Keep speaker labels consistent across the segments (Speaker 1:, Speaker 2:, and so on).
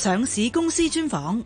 Speaker 1: 上市公司專訪。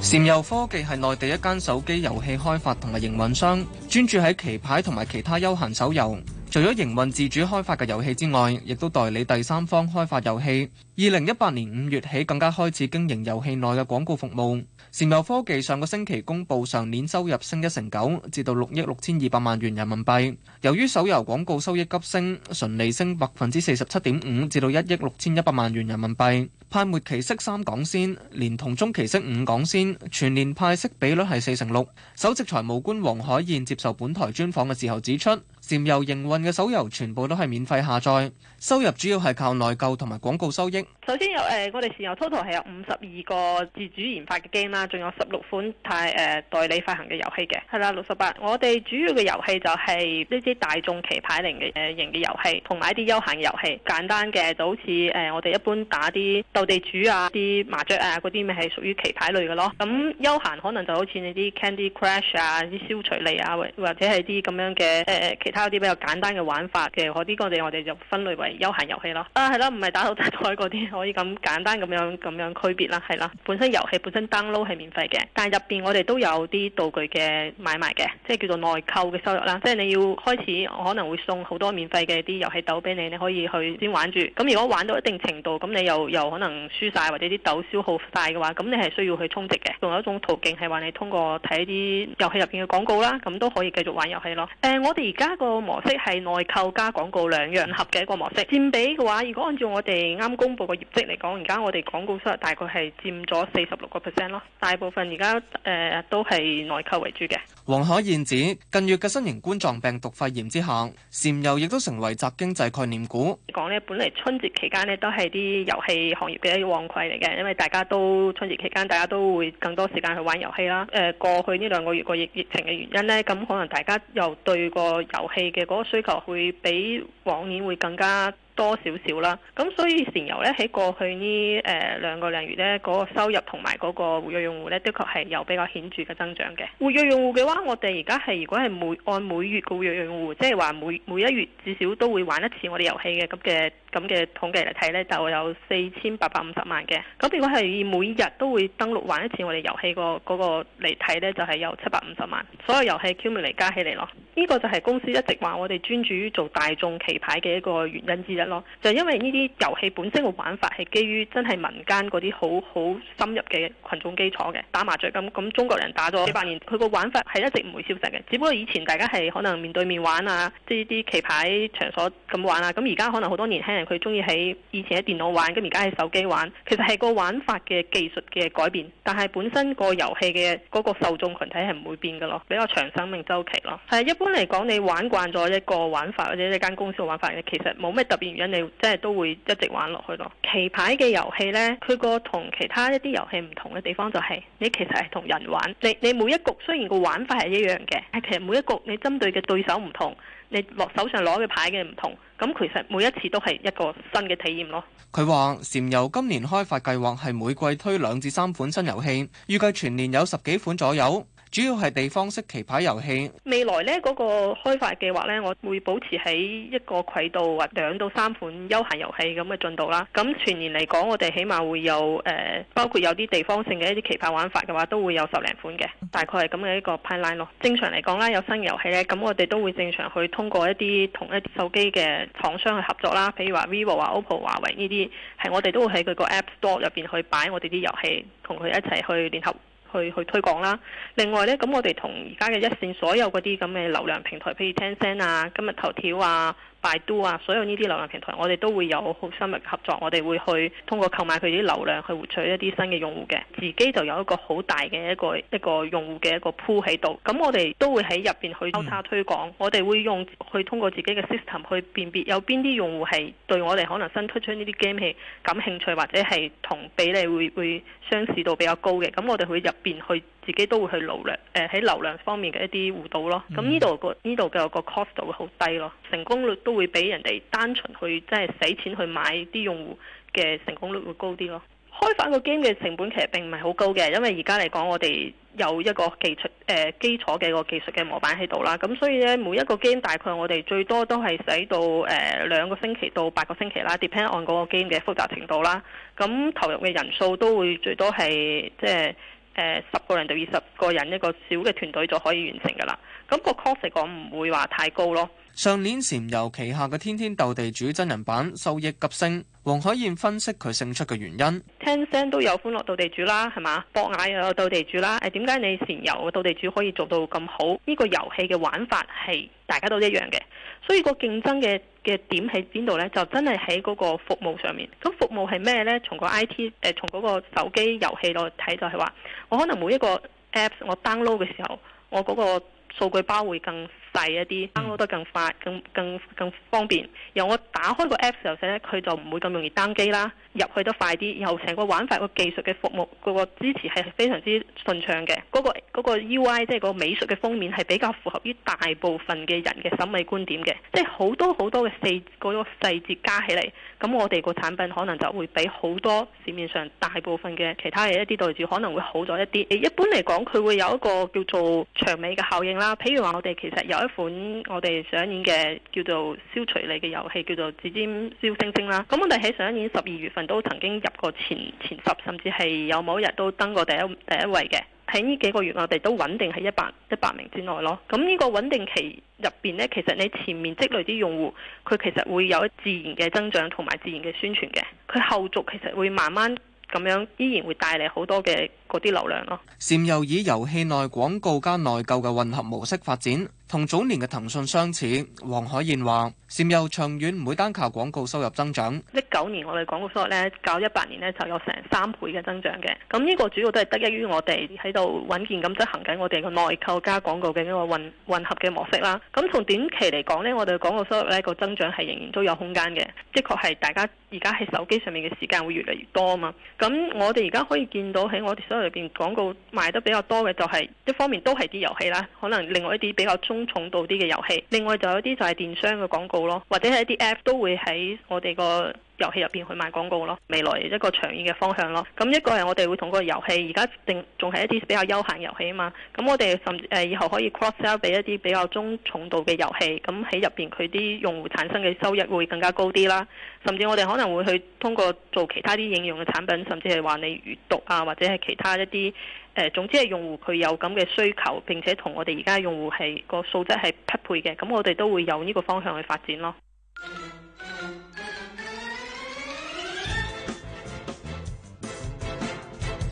Speaker 1: 禪遊科技係內地一間手機遊戲開發同埋營運商，專注喺棋牌同埋其他休閒手遊。除咗營運自主開發嘅遊戲之外，亦都代理第三方開發遊戲。二零一八年五月起，更加開始經營遊戲內嘅廣告服務。禪遊科技上個星期公布上年收入升一成九，至到六億六千二百萬元人民幣。由於手遊廣告收益急升，純利升百分之四十七點五，至到一億六千一百萬元人民幣。派末期息三港仙，連同中期息五港仙，全年派息比率係四成六。首席財務官黃海燕接受本台專訪嘅時候指出。佔有營運嘅手遊全部都係免費下載，收入主要係靠內購同埋廣告收益。
Speaker 2: 首先有誒、呃，我哋現有 total 係有五十二個自主研發嘅 game 啦，仲有十六款代誒代理發行嘅遊戲嘅，係啦，六十八。我哋主要嘅遊戲就係呢啲大眾棋牌型嘅誒型嘅遊戲，同埋一啲休閒遊戲，簡單嘅就好似誒、呃、我哋一般打啲鬥地主啊、啲麻雀啊嗰啲咪係屬於棋牌類嘅咯。咁休閒可能就好似你啲 Candy Crush 啊、啲消除類啊，或或者係啲咁樣嘅誒、呃、其他。有啲比較簡單嘅玩法嘅，嗰啲我哋就分類為休閒遊戲咯。啊，係咯，唔係打腦大賽嗰啲，可以咁簡單咁樣咁樣區別啦，係啦。本身遊戲本身 download 係免費嘅，但係入邊我哋都有啲道具嘅買賣嘅，即係叫做內購嘅收入啦。即係你要開始可能會送好多免費嘅啲遊戲豆俾你，你可以去先玩住。咁如果玩到一定程度，咁你又又可能輸晒，或者啲豆消耗晒嘅話，你係需要去充值嘅。仲有一種途徑係話你通過睇啲遊戲入邊嘅廣告啦，咁都可以繼續玩遊戲咯。誒、欸，我哋而家個個模式係內購加廣告兩樣合嘅一個模式。佔比嘅話，如果按照我哋啱公布嘅業績嚟講，而家我哋廣告收入大概係佔咗四十六個 percent 咯。大部分而家誒都係內購為主嘅。
Speaker 1: 黃海燕指近月嘅新型冠狀病毒肺炎之下，禪遊亦都成為宅經濟概念股。
Speaker 2: 講呢，本嚟春節期間呢，都係啲遊戲行業嘅一個旺季嚟嘅，因為大家都春節期間大家都會更多時間去玩遊戲啦。誒、呃，過去呢兩個月個疫疫情嘅原因呢，咁可能大家又對個遊戲嘅嗰個需求會比往年會更加。多少少啦，咁所以禪遊咧喺過去呢誒、呃、兩個兩個月咧，嗰個收入同埋嗰個活躍用戶咧，的確係有比較顯著嘅增長嘅。活躍用戶嘅話，我哋而家係如果係每按每月嘅活躍用戶，即係話每每一月至少都會玩一次我哋遊戲嘅咁嘅咁嘅統計嚟睇咧，就會有四千八百五十萬嘅。咁如果係以每日都會登錄玩一次我哋遊戲個嗰個嚟睇咧，就係、是、有七百五十萬所有遊戲 Q 嚟加起嚟咯，呢、這個就係公司一直話我哋專注於做大眾棋牌嘅一個原因之一。就因為呢啲遊戲本身嘅玩法係基於真係民間嗰啲好好深入嘅群眾基礎嘅，打麻雀咁，咁中國人打咗幾百年，佢個玩法係一直唔會消失嘅。只不過以前大家係可能面對面玩啊，即係啲棋牌場所咁玩啊。咁而家可能好多年輕人佢中意喺以前喺電腦玩，咁而家喺手機玩，其實係個玩法嘅技術嘅改變。但係本身個遊戲嘅嗰個受眾群體，係唔會變嘅咯，比較長生命周期咯。係一般嚟講，你玩慣咗一個玩法或者一間公司嘅玩法，其實冇咩特別。人哋即係都會一直玩落去咯。棋牌嘅遊戲呢，佢個同其他一啲遊戲唔同嘅地方就係，你其實係同人玩，你你每一局雖然個玩法係一樣嘅，但係其實每一局你針對嘅對手唔同，你落手上攞嘅牌嘅唔同，咁其實每一次都係一個新嘅體驗咯。
Speaker 1: 佢話禪遊今年開發計劃係每季推兩至三款新遊戲，預計全年有十幾款左右。主要係地方式棋牌遊戲。
Speaker 2: 未來咧嗰個開發計劃咧，我會保持喺一個軌道，或兩到三款休閒遊戲咁嘅進度啦。咁全年嚟講，我哋起碼會有誒、呃，包括有啲地方性嘅一啲棋牌玩法嘅話，都會有十零款嘅，大概係咁嘅一個 pipeline。正常嚟講啦，有新遊戲咧，咁我哋都會正常去通過一啲同一啲手機嘅廠商去合作啦。譬如話 Vivo 啊、OPPO、華為呢啲，係我哋都會喺佢個 App Store 入邊去擺我哋啲遊戲，同佢一齊去聯合去去推廣啦。另外呢，咁我哋同而家嘅一線所有嗰啲咁嘅流量平台，譬如騰訊啊、今日頭條啊、百度啊，er, 所有呢啲流量平台，我哋都會有好深入嘅合作。我哋會去通過購買佢啲流量去獲取一啲新嘅用戶嘅，自己就有一個好大嘅一個一個用戶嘅一個 pool 喺度。咁我哋都會喺入邊去交叉推廣，我哋會用去通過自己嘅 system 去辨別有邊啲用戶係對我哋可能新推出呢啲 game 係感興趣，或者係同比例會會相似度比較高嘅。咁我哋會入邊去自己都會去努力誒喺流量方面嘅一啲互導咯。咁呢度個呢度嘅個 cost 度會好低咯，成功率都會。會比人哋單純去，即係使錢去買啲用戶嘅成功率會高啲咯。開發個 game 嘅成本其實並唔係好高嘅，因為而家嚟講，我哋有一個技術誒、呃、基礎嘅個技術嘅模板喺度啦。咁所以咧，每一個 game 大概我哋最多都係使到誒、呃、兩個星期到八個星期啦，depend on 嗰個 game 嘅複雜程度啦。咁投入嘅人數都會最多係即係誒十個人到二十個人，一個小嘅團隊就可以完成㗎啦。咁、那個 cost 講唔會話太高咯。
Speaker 1: 上年禪遊旗下嘅天天鬥地主真人版收益急升，黃海燕分析佢勝出嘅原因。
Speaker 2: 騰訊都有歡樂鬥地主啦，係嘛？博雅又有鬥地主啦。誒，點解你禪遊嘅鬥地主可以做到咁好？呢、這個遊戲嘅玩法係大家都一樣嘅，所以個競爭嘅嘅點喺邊度呢？就真係喺嗰個服務上面。咁服務係咩呢？從個 I T 誒、呃，從嗰個手機遊戲度睇，就係話我可能每一個 Apps 我 download 嘅時候，我嗰個數據包會更細一啲，download 得更快，更更更方便。由我打開個 app 嘅時候咧，佢就唔會咁容易 down 機啦，入去都快啲。然後成個玩法個技術嘅服務嗰、嗰個支持係非常之順暢嘅。嗰、嗰個 UI、嗰個 e、即係個美術嘅封面係比較符合於大部分嘅人嘅審美觀點嘅。即係好多好多嘅細嗰個細節加起嚟，咁我哋個產品可能就會比好多市面上大部分嘅其他嘅一啲對照可能會好咗一啲。一般嚟講，佢會有一個叫做長尾嘅效應啦。譬如話，我哋其實有。有一款我哋上一年嘅叫做消除你嘅遊戲，叫做指尖消星星啦。咁我哋喺上一年十二月份都曾經入過前前十，甚至係有某一日都登過第一第一位嘅。喺呢幾個月我哋都穩定喺一百一百名之內咯。咁呢個穩定期入邊咧，其實你前面積累啲用戶，佢其實會有自然嘅增長同埋自然嘅宣傳嘅。佢後續其實會慢慢咁樣，依然會帶嚟好多嘅嗰啲流量咯。
Speaker 1: 禪游以遊戲內廣告加內購嘅混合模式發展。同早年嘅騰訊相似，黃海燕話：禪遊長遠唔會單靠廣告收入增長。
Speaker 2: 一九年我哋廣告收入咧，較一八年咧就有成三倍嘅增長嘅。咁呢個主要都係得益於我哋喺度穩健咁執行緊我哋個內購加廣告嘅一個混混合嘅模式啦。咁從短期嚟講呢，我哋廣告收入咧，個增長係仍然都有空間嘅。的確係大家而家喺手機上面嘅時間會越嚟越多啊嘛。咁我哋而家可以見到喺我哋所有裏邊廣告賣得比較多嘅就係一方面都係啲遊戲啦，可能另外一啲比較中。重度啲嘅遊戲，另外就有一啲就係電商嘅廣告咯，或者係一啲 App 都會喺我哋個。遊戲入邊去賣廣告咯，未來一個長遠嘅方向咯。咁一個係我哋會同個遊戲而家定仲係一啲比較休閒遊戲啊嘛。咁我哋甚至誒以後可以 cross sell 俾一啲比較中重度嘅遊戲。咁喺入邊佢啲用戶產生嘅收益會更加高啲啦。甚至我哋可能會去通過做其他啲應用嘅產品，甚至係話你閲讀啊，或者係其他一啲誒，總之係用戶佢有咁嘅需求，並且同我哋而家用戶係個素質係匹配嘅。咁我哋都會有呢個方向去發展咯。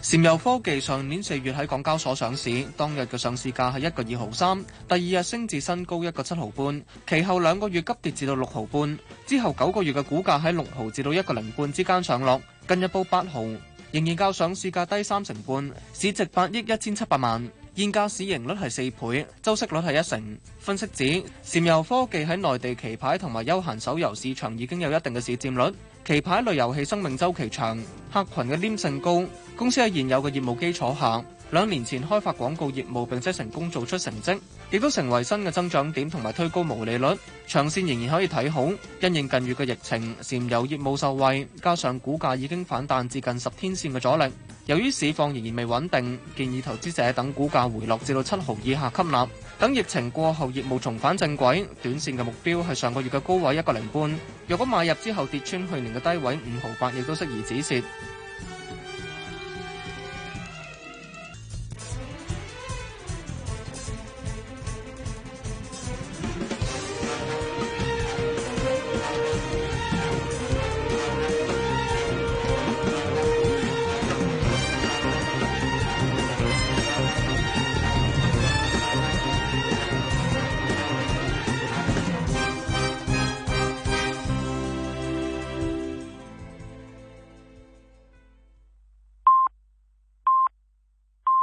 Speaker 1: 禪遊科技上年四月喺港交所上市，當日嘅上市價係一個二毫三，第二日升至新高一個七毫半，其後兩個月急跌至到六毫半，之後九個月嘅股價喺六毫至到一個零半之間上落，近日報八毫，仍然較上市價低三成半，市值八億一千七百萬。現價市盈率係四倍，周息率係一成。分析指，禪遊科技喺內地棋牌同埋休閒手遊市場已經有一定嘅市占率。棋牌類遊戲生命周期長，客群嘅黏性高。公司喺現有嘅業務基礎下，兩年前開發廣告業務，並且成功做出成績。亦都成為新嘅增長點，同埋推高毛利率。長線仍然可以睇好，因應近月嘅疫情，禪遊業務受惠，加上股價已經反彈至近十天線嘅阻力。由於市況仍然未穩定，建議投資者等股價回落至到七毫以下吸納。等疫情過後業務重返正軌，短線嘅目標係上個月嘅高位一個零半。若果買入之後跌穿去年嘅低位五毫八，亦都適宜止蝕。